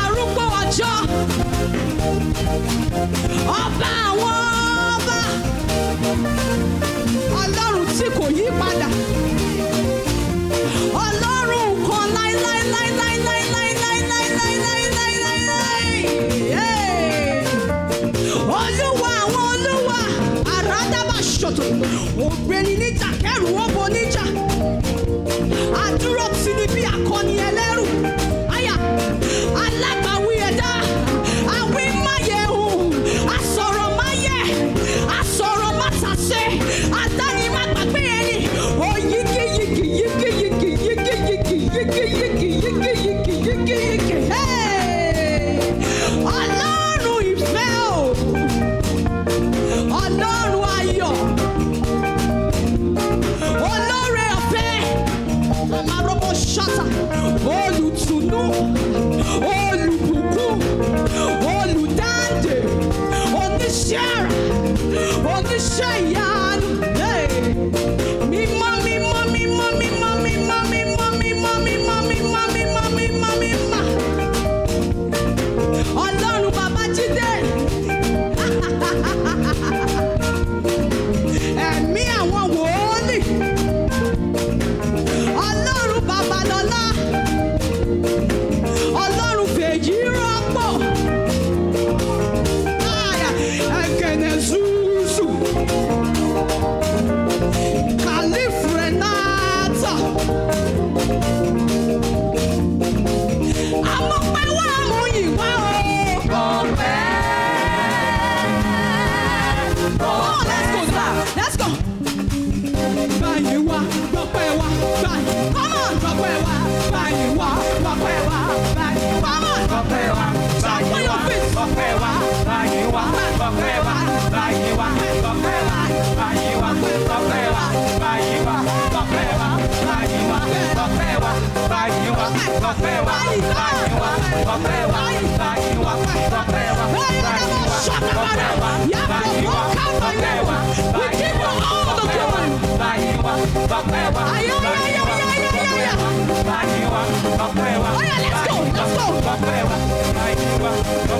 arúgbó ọjọ́ ọba àwọn ọba ọlọ́run tí kò yí padà ọlọ́run kan láíláíláíláíláíláíláíláíláíláí olúwa àwọn olúwa àràádàbà ṣòtò ògbéni níjà kẹrù ó bo níjà àdúrà. Oh oh Olutunu, oh Lutande, oh Nishara, oh Nishaya. Let's go, let's go.